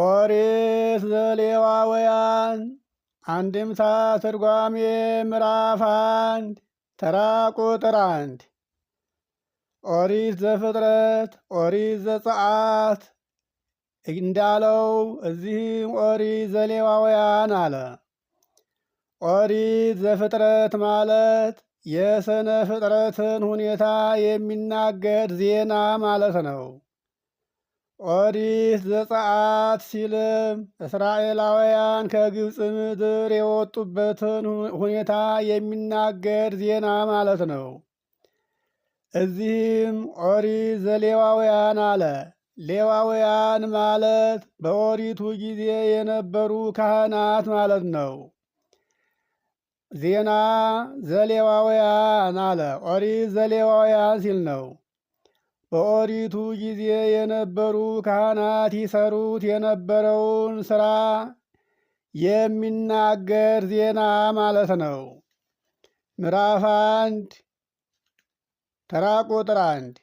ኦሪት ዘሌዋውያን አንድምታ ትርጓሜ ምዕራፍ አንድ ተራ ቁጥር አንድ ኦሪት ዘፍጥረት ኦሪት ዘጸአት እንዳለው እዚህም ኦሪት ዘሌዋውያን አለ። ኦሪት ዘፍጥረት ማለት የስነ ፍጥረትን ሁኔታ የሚናገር ዜና ማለት ነው። ኦሪት ዘጸአት ሲልም እስራኤላውያን ከግብፅ ምድር የወጡበትን ሁኔታ የሚናገር ዜና ማለት ነው። እዚህም ኦሪት ዘሌዋውያን አለ። ሌዋውያን ማለት በኦሪቱ ጊዜ የነበሩ ካህናት ማለት ነው። ዜና ዘሌዋውያን አለ። ኦሪት ዘሌዋውያን ሲል ነው። በኦሪቱ ጊዜ የነበሩ ካህናት ይሰሩት የነበረውን ሥራ የሚናገር ዜና ማለት ነው። ምዕራፍ አንድ ተራ ቁጥር አንድ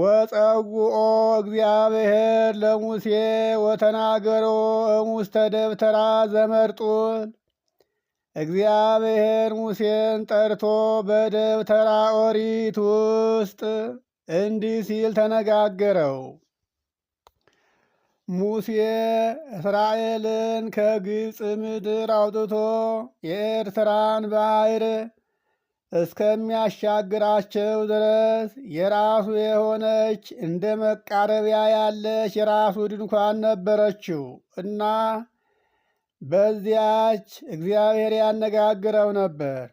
ወፀውኦ እግዚአብሔር ለሙሴ ወተናገሮ እሙስተ ደብተራ ዘመርጡን እግዚአብሔር ሙሴን ጠርቶ በደብተራ ኦሪት ውስጥ እንዲህ ሲል ተነጋገረው። ሙሴ እስራኤልን ከግብፅ ምድር አውጥቶ የኤርትራን ባህር እስከሚያሻግራቸው ድረስ የራሱ የሆነች እንደ መቃረቢያ ያለች የራሱ ድንኳን ነበረችው እና በዚያች እግዚአብሔር ያነጋግረው ነበር።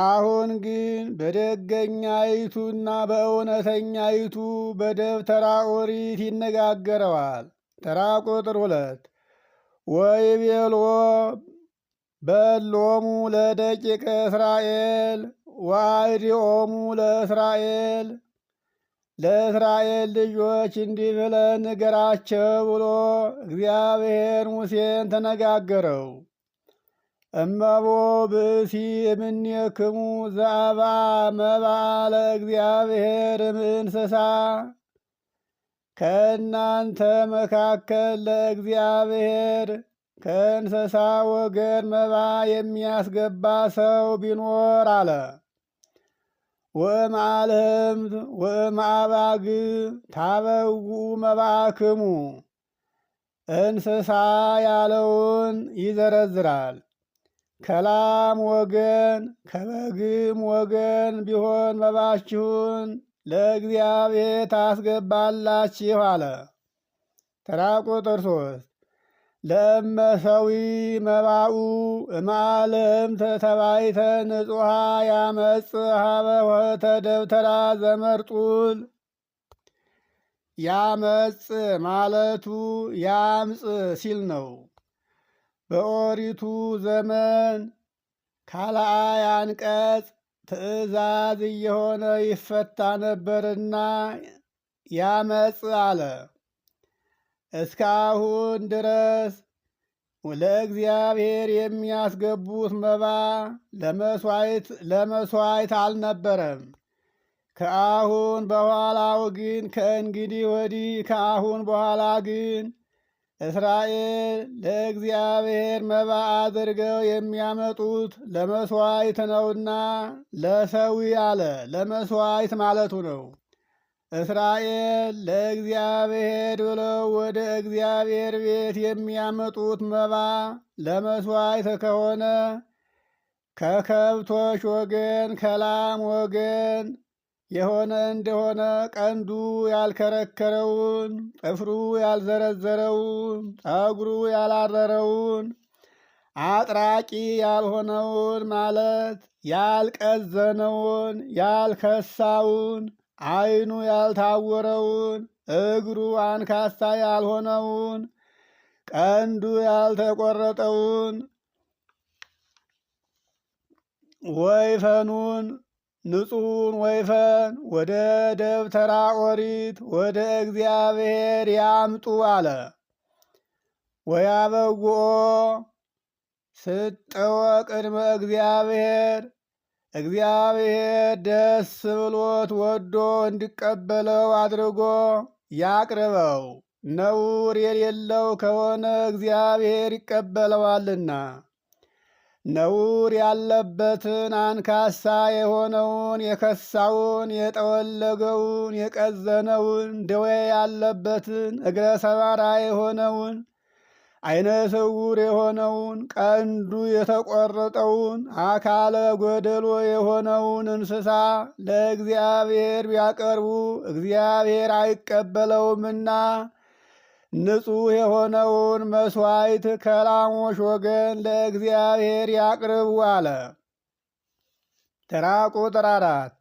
አሁን ግን በደገኛይቱና በእውነተኛይቱ በደብተራ ኦሪት ይነጋገረዋል። ተራ ቁጥር ሁለት ወይቤሎ በሎሙ ለደቂቀ እስራኤል ወአይዲኦሙ ለእስራኤል ለእስራኤል ልጆች እንዲህ ብለህ ንገራቸው ብሎ እግዚአብሔር ሙሴን ተነጋገረው። እመቦ ብእሲ የምኔክሙ ዘአባ መባ እግዚአብሔር እምእንስሳ ከእናንተ መካከል ለእግዚአብሔር ከእንስሳ ወገን መባ የሚያስገባ ሰው ቢኖር አለ። ወእምአልህምት ወማባግ ታበው መባክሙ እንስሳ ያለውን ይዘረዝራል። ከላም ወገን ከበግም ወገን ቢሆን መባችሁን ለእግዚአብሔር ታስገባላችሁ አለ። ተራ ቁጥር ሶስት ለእመሰዊ መባኡ እማልም ተተባይተ ንጹሃ ያመፅ ሀበወተ ደብተራ ዘመርጡል ያመፅ ማለቱ ያምፅ ሲል ነው። በኦሪቱ ዘመን ካለአይ አንቀጽ ትእዛዝ እየሆነ ይፈታ ነበርና ያመፅ አለ። እስካሁን ድረስ ለእግዚአብሔር የሚያስገቡት መባ ለመስዋይት አልነበረም። ከአሁን በኋላው ግን ከእንግዲህ ወዲህ ከአሁን በኋላ ግን እስራኤል ለእግዚአብሔር መባ አድርገው የሚያመጡት ለመሥዋዕት ነውና ለሰዊ አለ። ለመሥዋዕት ማለቱ ነው። እስራኤል ለእግዚአብሔር ብለው ወደ እግዚአብሔር ቤት የሚያመጡት መባ ለመሥዋዕት ከሆነ ከከብቶች ወገን፣ ከላም ወገን የሆነ እንደሆነ ቀንዱ ያልከረከረውን ጥፍሩ ያልዘረዘረውን ጠጉሩ ያላረረውን አጥራቂ ያልሆነውን ማለት ያልቀዘነውን ያልከሳውን ዓይኑ ያልታወረውን እግሩ አንካሳ ያልሆነውን ቀንዱ ያልተቆረጠውን ወይፈኑን ንጹሕን ወይፈን ወደ ደብተራ ኦሪት ወደ እግዚአብሔር ያምጡ አለ። ወያበጉኦ ስጠወ ቅድመ እግዚአብሔር እግዚአብሔር ደስ ብሎት ወዶ እንዲቀበለው አድርጎ ያቅርበው። ነውር የሌለው ከሆነ እግዚአብሔር ይቀበለዋልና። ነውር ያለበትን አንካሳ የሆነውን የከሳውን የጠወለገውን የቀዘነውን ደዌ ያለበትን እግረ ሰባራ የሆነውን ዓይነ ስውር የሆነውን ቀንዱ የተቆረጠውን አካለ ጎደሎ የሆነውን እንስሳ ለእግዚአብሔር ቢያቀርቡ እግዚአብሔር አይቀበለውምና ንጹሕ የሆነውን መሥዋዕት ከላሞች ወገን ለእግዚአብሔር ያቅርቡ አለ። ተራ ቁጥር አራት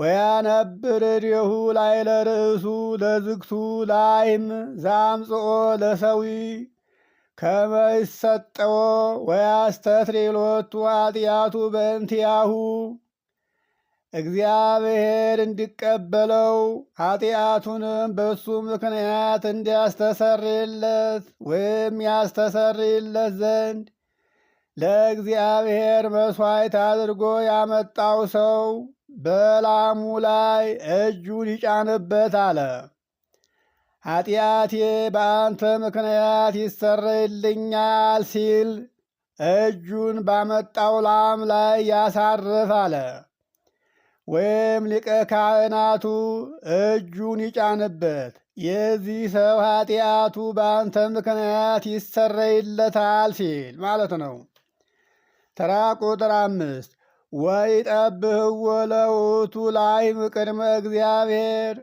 ወያነብር እዴሁ ላዕለ ርእሱ ለዝግቱ ላይም ዛምጽኦ ለሰዊ ከመ ይሰጠዎ ወያስተስርይ ሎቱ እግዚአብሔር እንዲቀበለው ኃጢአቱንም በሱ ምክንያት እንዲያስተሰርይለት ወይም ያስተሰርይለት ዘንድ ለእግዚአብሔር መሥዋዕት አድርጎ ያመጣው ሰው በላሙ ላይ እጁን ይጫንበት አለ። ኃጢአቴ በአንተ ምክንያት ይሰረይልኛል ሲል እጁን ባመጣው ላም ላይ ያሳርፍ አለ። ወይም ሊቀ ካህናቱ እጁን ይጫንበት። የዚህ ሰው ኃጢአቱ በአንተ ምክንያት ይሰረይለታል ሲል ማለት ነው። ተራ ቁጥር አምስት ወይ ጠብህዎ ለውቱ ላይ ቅድመ እግዚአብሔር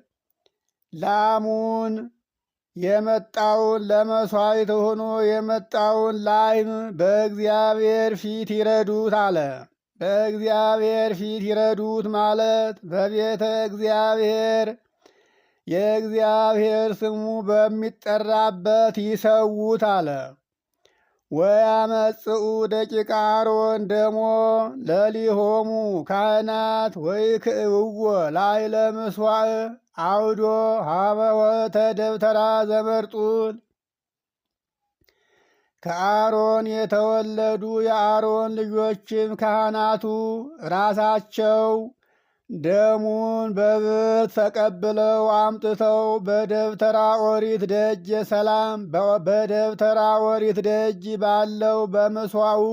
ላሙን የመጣውን ለመሥዋዕት ሆኖ የመጣውን ላይም በእግዚአብሔር ፊት ይረዱት አለ። በእግዚአብሔር ፊት ይረዱት ማለት በቤተ እግዚአብሔር የእግዚአብሔር ስሙ በሚጠራበት ይሰዉት አለ። ወያመጽኡ ደቂቃ አሮን ደሞ ለሊሆሙ ካህናት ወይ ክእውዎ ላይለ ምስዋዕ አውዶ ሀበወተ ደብተራ ዘመርጡን ከአሮን የተወለዱ የአሮን ልጆችም ካህናቱ ራሳቸው ደሙን በብት ተቀብለው አምጥተው በደብተራ ኦሪት ደጅ የሰላም በደብተራ ኦሪት ደጅ ባለው በመስዋው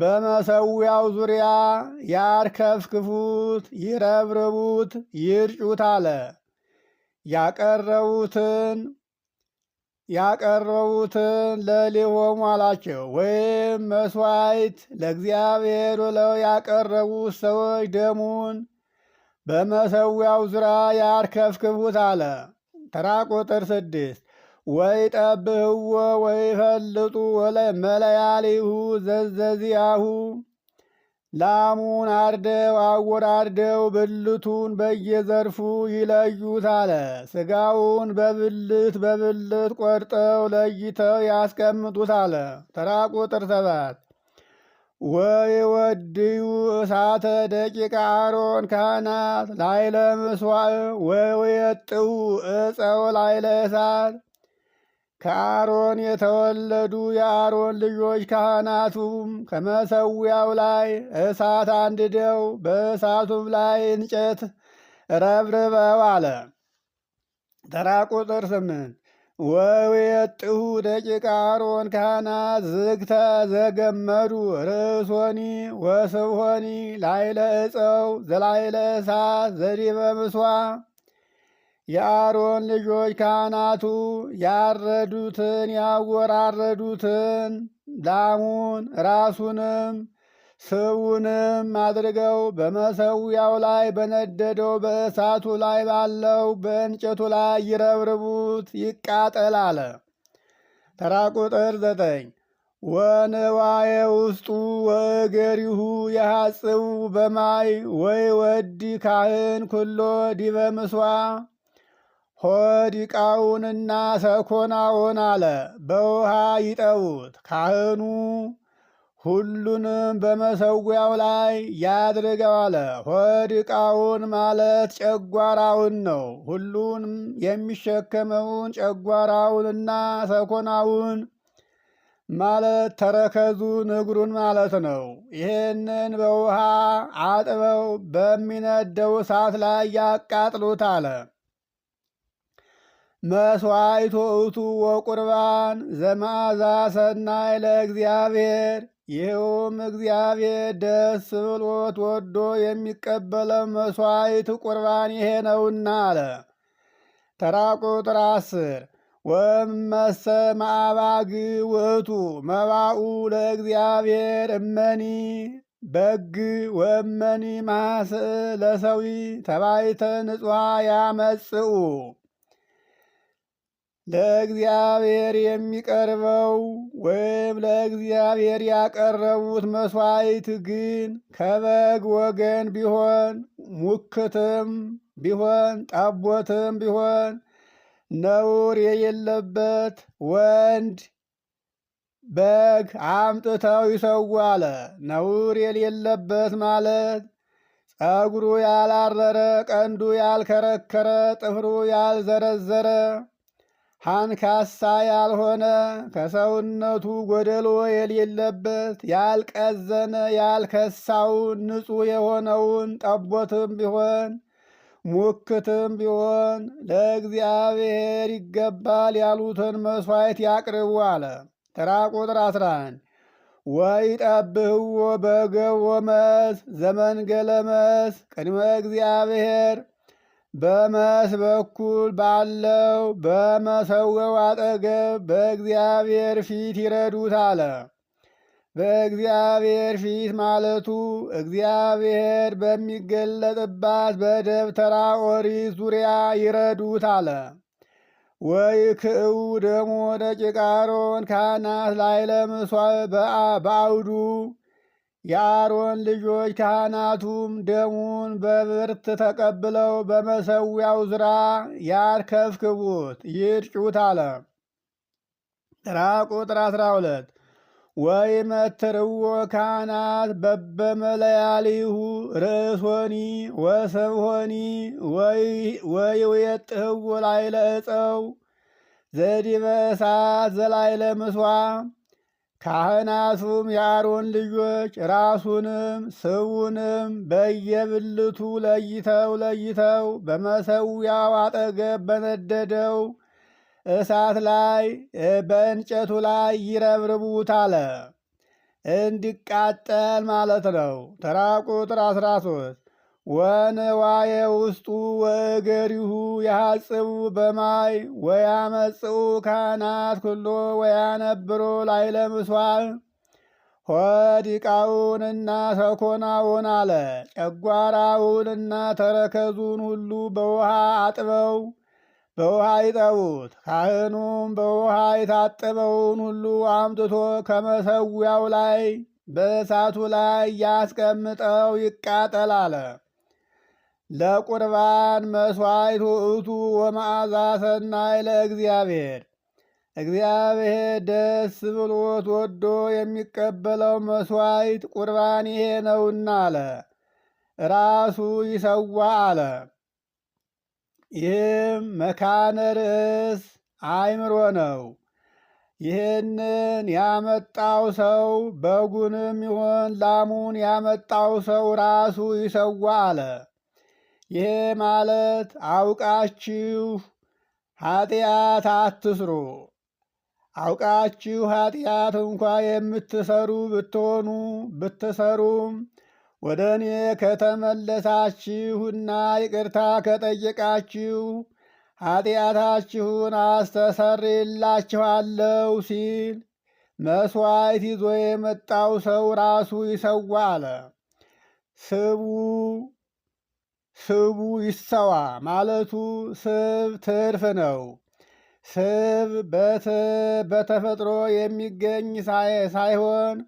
በመሰዊያው ዙሪያ ያርከፍክፉት፣ ይረብርቡት፣ ይርጩት አለ ያቀረቡትን ያቀረቡትን ለሌሆሙ አላቸው። ወይም መስዋይት ለእግዚአብሔር ብለው ያቀረቡት ሰዎች ደሙን በመሰዊያው ዙራ ያርከፍክፉት አለ። ተራ ቁጥር ስድስት ወይ ጠብህዎ ወይ ፈልጡ ወለ መለያሊሁ ዘዘዚያሁ ላሙን አርደው አወራርደው ብልቱን በየዘርፉ ይለዩት አለ። ስጋውን በብልት በብልት ቆርጠው ለይተው ያስቀምጡት አለ። ተራ ቁጥር ሰባት ወይ ወድዩ እሳተ ደቂቀ አሮን ካህናት ላይለ ምስዋዕ ወይ የጥው እፀው ላይለ እሳት ከአሮን የተወለዱ የአሮን ልጆች ካህናቱም ከመሰዊያው ላይ እሳት አንድደው በእሳቱም ላይ እንጨት ረብርበው አለ። ተራ ቁጥር ስምንት ወየጥሁ ደቂቀ አሮን ካህናት ዝግተ ዘገመዱ ርእሶኒ ወስብሆኒ ላይለ እፀው ዘላይለ እሳት ዘዲበ ምስዋ የአሮን ልጆች ካህናቱ ያረዱትን ያወራረዱትን ላሙን ራሱንም ስቡንም አድርገው በመሰዊያው ላይ በነደደው በእሳቱ ላይ ባለው በእንጨቱ ላይ ይረብርቡት፣ ይቃጠል አለ። ተራ ቁጥር ዘጠኝ ወንዋዬ ውስጡ ወእገሪሁ የሐጽቡ በማይ ወይ ወዲ ካህን ኩሎ ዲበ ምስዋ ሆድ ሰኮናውን አለ በውሃ ይጠቡት። ካህኑ ሁሉንም በመሰዊያው ላይ ያድርገው አለ። ሆድ ማለት ጨጓራውን ነው። ሁሉንም የሚሸከመውን ጨጓራውንና ሰኮናውን ማለት ተረከዙ እግሩን ማለት ነው። ይህንን በውሃ አጥበው በሚነደው እሳት ላይ ያቃጥሉት አለ። መስዋዕቱ እቱ ወቁርባን ዘማዛ ሰናይ ለእግዚአብሔር ይህውም እግዚአብሔር ደስ ብሎት ወዶ የሚቀበለው መስዋዕት ቁርባን ይሄ ነውና አለ። ተራ ቁጥር አስር ወመሰ ማባግ ውእቱ መባኡ ለእግዚአብሔር እመኒ በግ ወመኒ ማስ ለሰዊ ተባይተ ንጹሐ ያመጽኡ ለእግዚአብሔር የሚቀርበው ወይም ለእግዚአብሔር ያቀረቡት መሥዋዕት ግን ከበግ ወገን ቢሆን ሙክትም ቢሆን ጣቦትም ቢሆን ነውር የሌለበት ወንድ በግ አምጥተው ይሰዉ አለ። ነውር የሌለበት ማለት ጸጉሩ ያላረረ፣ ቀንዱ ያልከረከረ፣ ጥፍሩ ያልዘረዘረ አንካሳ ያልሆነ ከሰውነቱ ጎደሎ የሌለበት ያልቀዘነ ያልከሳውን ንጹሕ የሆነውን ጠቦትም ቢሆን ሙክትም ቢሆን ለእግዚአብሔር ይገባል ያሉትን መሥዋዕት ያቅርቡ አለ። ተራ ቁጥር 11 ወይ ጠብህዎ በገቦ መስ ዘመን መስ ቅድመ እግዚአብሔር በመስ በኩል ባለው በመሰወው አጠገብ በእግዚአብሔር ፊት ይረዱት አለ። በእግዚአብሔር ፊት ማለቱ እግዚአብሔር በሚገለጥባት በደብተራ ኦሪት ዙሪያ ይረዱት አለ። ወይ ክእው ደግሞ ደቂቃሮን ካህናት ላይ ለምሷ በአውዱ የአሮን ልጆች ካህናቱም ደሙን በብርት ተቀብለው በመሰዊያው ዝራ ያርከፍክቡት ይርጩት አለ። ጥራ ቁጥር 12 መትርዎ ካህናት በበመለያሊሁ ርእሶኒ ወሰብሆኒ ወይወየጥህዎ ላይለ ዕፀው ዘዲበ እሳት ዘላይ ለምስዋ ካህናቱም የአሮን ልጆች ራሱንም ስቡንም በየብልቱ ለይተው ለይተው በመሰዊያው አጠገብ በነደደው እሳት ላይ በእንጨቱ ላይ ይረብርቡት አለ። እንዲቃጠል ማለት ነው። ተራ ቁጥር 13 ወነዋየ ውስጡ ወእገሪሁ ያሐጽቡ በማይ ወያመጽኡ ካህናት ኩሎ ወያነብሮ ላይለ ምስዋዕ ሆዲቃውንና ሰኮናውን አለ ጨጓራውንና ተረከዙን ሁሉ በውሃ አጥበው በውሃ ይጠቡት። ካህኑም በውሃ የታጠበውን ሁሉ አምጥቶ ከመሰዊያው ላይ በእሳቱ ላይ ያስቀምጠው ይቃጠል አለ። ለቁርባን መስዋዕት ውእቱ ወመዓዛ ሰናይ ለእግዚአብሔር። እግዚአብሔር ደስ ብሎት ወዶ የሚቀበለው መስዋዕት ቁርባን ይሄ ነውና አለ። ራሱ ይሰዋ አለ። ይህም መካነ ርዕስ አእምሮ ነው። ይህንን ያመጣው ሰው በጉንም ይሆን ላሙን ያመጣው ሰው ራሱ ይሰዋ አለ። ይሄ ማለት አውቃችሁ ኃጢአት አትስሩ። አውቃችሁ ኃጢአት እንኳ የምትሰሩ ብትሆኑ ብትሰሩም ወደ እኔ ከተመለሳችሁና ይቅርታ ከጠየቃችሁ ኃጢአታችሁን አስተሰርይላችኋለሁ ሲል መስዋይት ይዞ የመጣው ሰው ራሱ ይሰዋ አለ። ስቡ ስቡ ይሰዋ ማለቱ ስብ ትርፍ ነው። ስብ በተፈጥሮ የሚገኝ ሳይሆን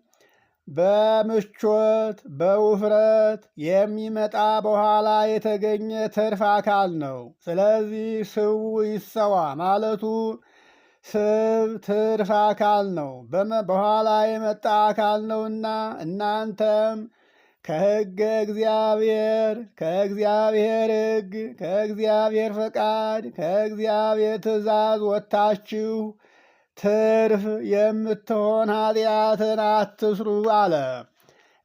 በምቾት በውፍረት የሚመጣ በኋላ የተገኘ ትርፍ አካል ነው። ስለዚህ ስቡ ይሰዋ ማለቱ ስብ ትርፍ አካል ነው፣ በኋላ የመጣ አካል ነውና እናንተም ከሕገ እግዚአብሔር ከእግዚአብሔር ሕግ ከእግዚአብሔር ፈቃድ ከእግዚአብሔር ትእዛዝ ወጥታችሁ ትርፍ የምትሆን ኃጢአትን አትስሩ አለ።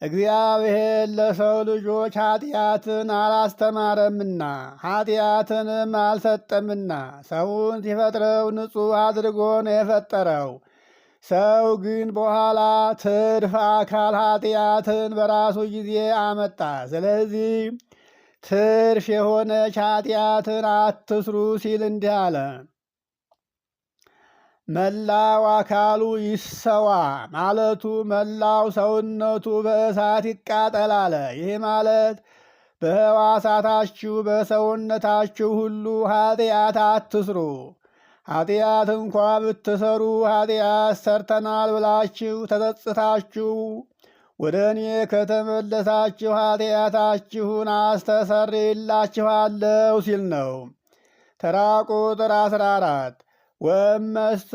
እግዚአብሔር ለሰው ልጆች ኃጢአትን አላስተማረምና ኃጢአትንም አልሰጠምና ሰውን ሲፈጥረው ንጹሕ አድርጎ ነው የፈጠረው። ሰው ግን በኋላ ትርፍ አካል ኃጢአትን በራሱ ጊዜ አመጣ። ስለዚህ ትርፍ የሆነች ኃጢአትን አትስሩ ሲል እንዲህ አለ። መላው አካሉ ይሰዋ ማለቱ መላው ሰውነቱ በእሳት ይቃጠል አለ። ይህ ማለት በሕዋሳታችሁ በሰውነታችሁ ሁሉ ኃጢአት አትስሩ ኃጢአት እንኳ ብትሰሩ ኃጢአት ሰርተናል ብላችሁ ተጸጽታችሁ ወደ እኔ ከተመለሳችሁ ኃጢአታችሁን አስተሰርይላችኋለሁ ሲል ነው። ተራ ቁጥር አስራ አራት ወመሰ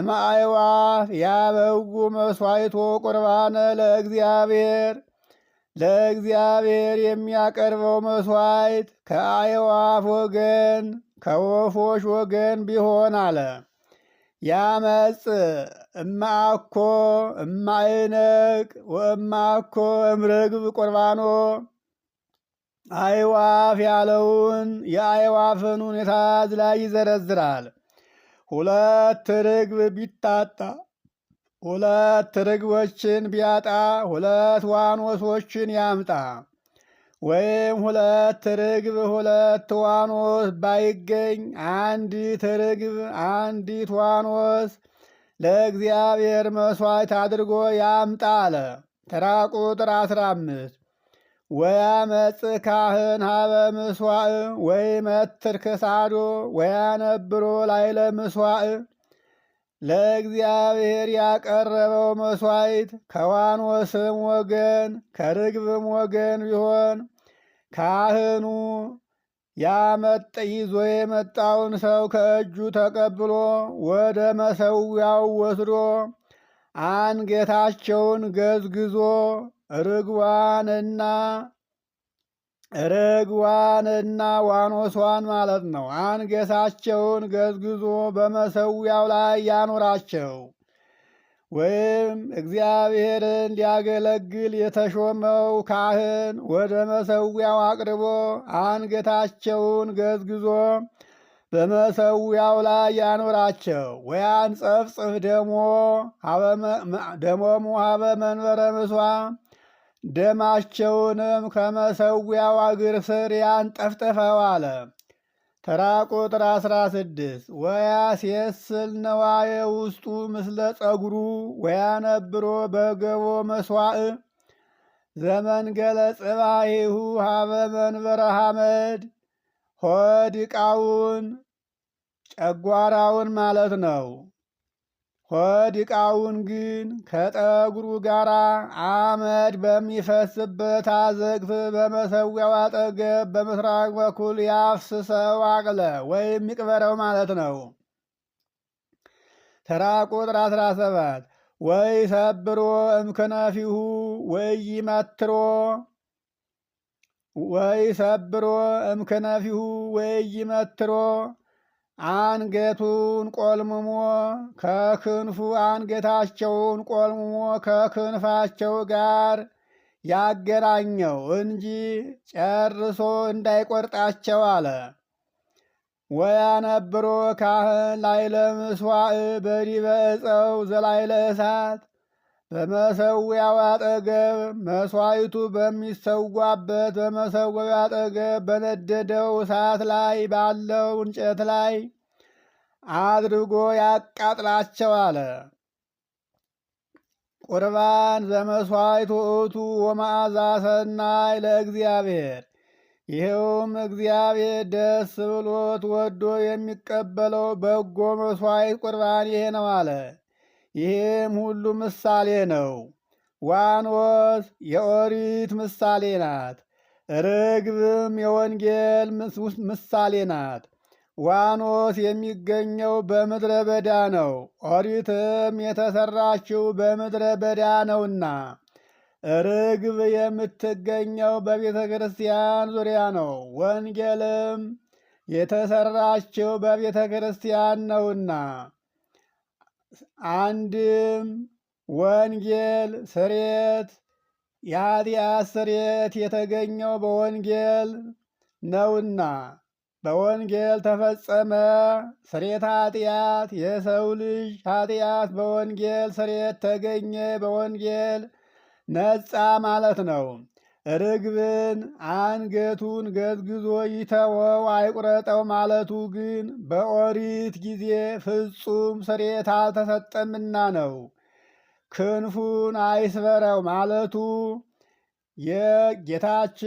እማይዋፍ ያበጉ መስዋዕቶ ቁርባነ ለእግዚአብሔር ለእግዚአብሔር የሚያቀርበው መስዋዕት ከአይዋፍ ወገን ከወፎች ወገን ቢሆን አለ። ያመፅ እማኮ እማይነቅ ወእማኮ እምርግብ ቁርባኖ አይዋፍ ያለውን የአይዋፍን ሁኔታ ዝላይ ይዘረዝራል። ሁለት ርግብ ቢታጣ ሁለት ርግቦችን ቢያጣ ሁለት ዋኖሶችን ያምጣ። ወይም ሁለት ርግብ ሁለት ዋኖስ ባይገኝ አንዲት ርግብ አንዲት ዋኖስ ለእግዚአብሔር መሥዋዕት አድርጎ ያምጣ አለ። ተራ ቁጥር አስራ አምስት ወያመጽ ካህን ሀበ ወይ መትር ክሳዶ ወያነብሮ ላይለ ምስዋዕ ለእግዚአብሔር ያቀረበው መሥዋዕት ከዋኖስም ወገን ከርግብም ወገን ቢሆን ካህኑ ያመጠ ይዞ የመጣውን ሰው ከእጁ ተቀብሎ ወደ መሰዊያው ወስዶ አንገታቸውን ገዝግዞ ርግቧንና ርግቧንና ዋኖሷን ማለት ነው። አንገታቸውን ገዝግዞ በመሰዊያው ላይ ያኖራቸው። ወይም እግዚአብሔርን ሊያገለግል የተሾመው ካህን ወደ መሰዊያው አቅርቦ አንገታቸውን ገዝግዞ በመሰዊያው ላይ ያኖራቸው። ወያን ጸፍጽፍ ደሞ ደሞሙ ሀበ መንበረ ምሷ ደማቸውንም ከመሰዊያው እግር ስር ያን አለ። ተራ ቁጥር 16 ወያ ወያሴስል ነዋየ ውስጡ ምስለ ጸጉሩ ወያነብሮ በገቦ መስዋዕ ዘመን ጽባይሁ ሀበ መንበረ ሐመድ ሆድ ዕቃውን ጨጓራውን ማለት ነው። ሆድ ግን ከጠጉሩ ጋር አመድ በሚፈስበት አዘግፍ በመሰዊያው አጠገብ በምስራቅ በኩል ያፍስሰው አቅለ ወይም ይቅበረው ማለት ነው። ተራ ቁጥር 17 ወይ ሰብሮ እምክነፊሁ ወይ መትሮ ወይ ሰብሮ እምክነፊሁ ወይ መትሮ አንገቱን ቆልምሞ ከክንፉ አንገታቸውን ቆልምሞ ከክንፋቸው ጋር ያገናኘው እንጂ ጨርሶ እንዳይቆርጣቸው አለ። ወያነብሮ ካህን ላይለ ምስዋዕ በዲበ ዕፀው ዘላይለ እሳት በመሰዊያው አጠገብ መስዋዕቱ በሚሰዋበት በመሰዊያው አጠገብ በነደደው እሳት ላይ ባለው እንጨት ላይ አድርጎ ያቃጥላቸው አለ። ቁርባን ዘመሥዋዕቱ ውእቱ ወመዓዛ ሰናይ ለእግዚአብሔር ይኸውም እግዚአብሔር ደስ ብሎት ወዶ የሚቀበለው በጎ መሥዋዕት ቁርባን ይሄ ነው አለ። ይህም ሁሉ ምሳሌ ነው። ዋኖስ የኦሪት ምሳሌ ናት። ርግብም የወንጌል ምሳሌ ናት። ዋኖስ የሚገኘው በምድረ በዳ ነው። ኦሪትም የተሰራችው በምድረ በዳ ነውና፣ ርግብ የምትገኘው በቤተ ክርስቲያን ዙሪያ ነው። ወንጌልም የተሰራችው በቤተ ክርስቲያን ነውና አንድም ወንጌል ስርየት የኃጢአት ስርየት የተገኘው በወንጌል ነውና በወንጌል ተፈጸመ ስርየት ኃጢአት። የሰው ልጅ ኃጢአት በወንጌል ስርየት ተገኘ፣ በወንጌል ነጻ ማለት ነው። ርግብን አንገቱን ገዝግዞ ይተወው አይቁረጠው ማለቱ ግን በኦሪት ጊዜ ፍጹም ስርየት አልተሰጠምና ነው። ክንፉን አይስበረው ማለቱ የጌታችን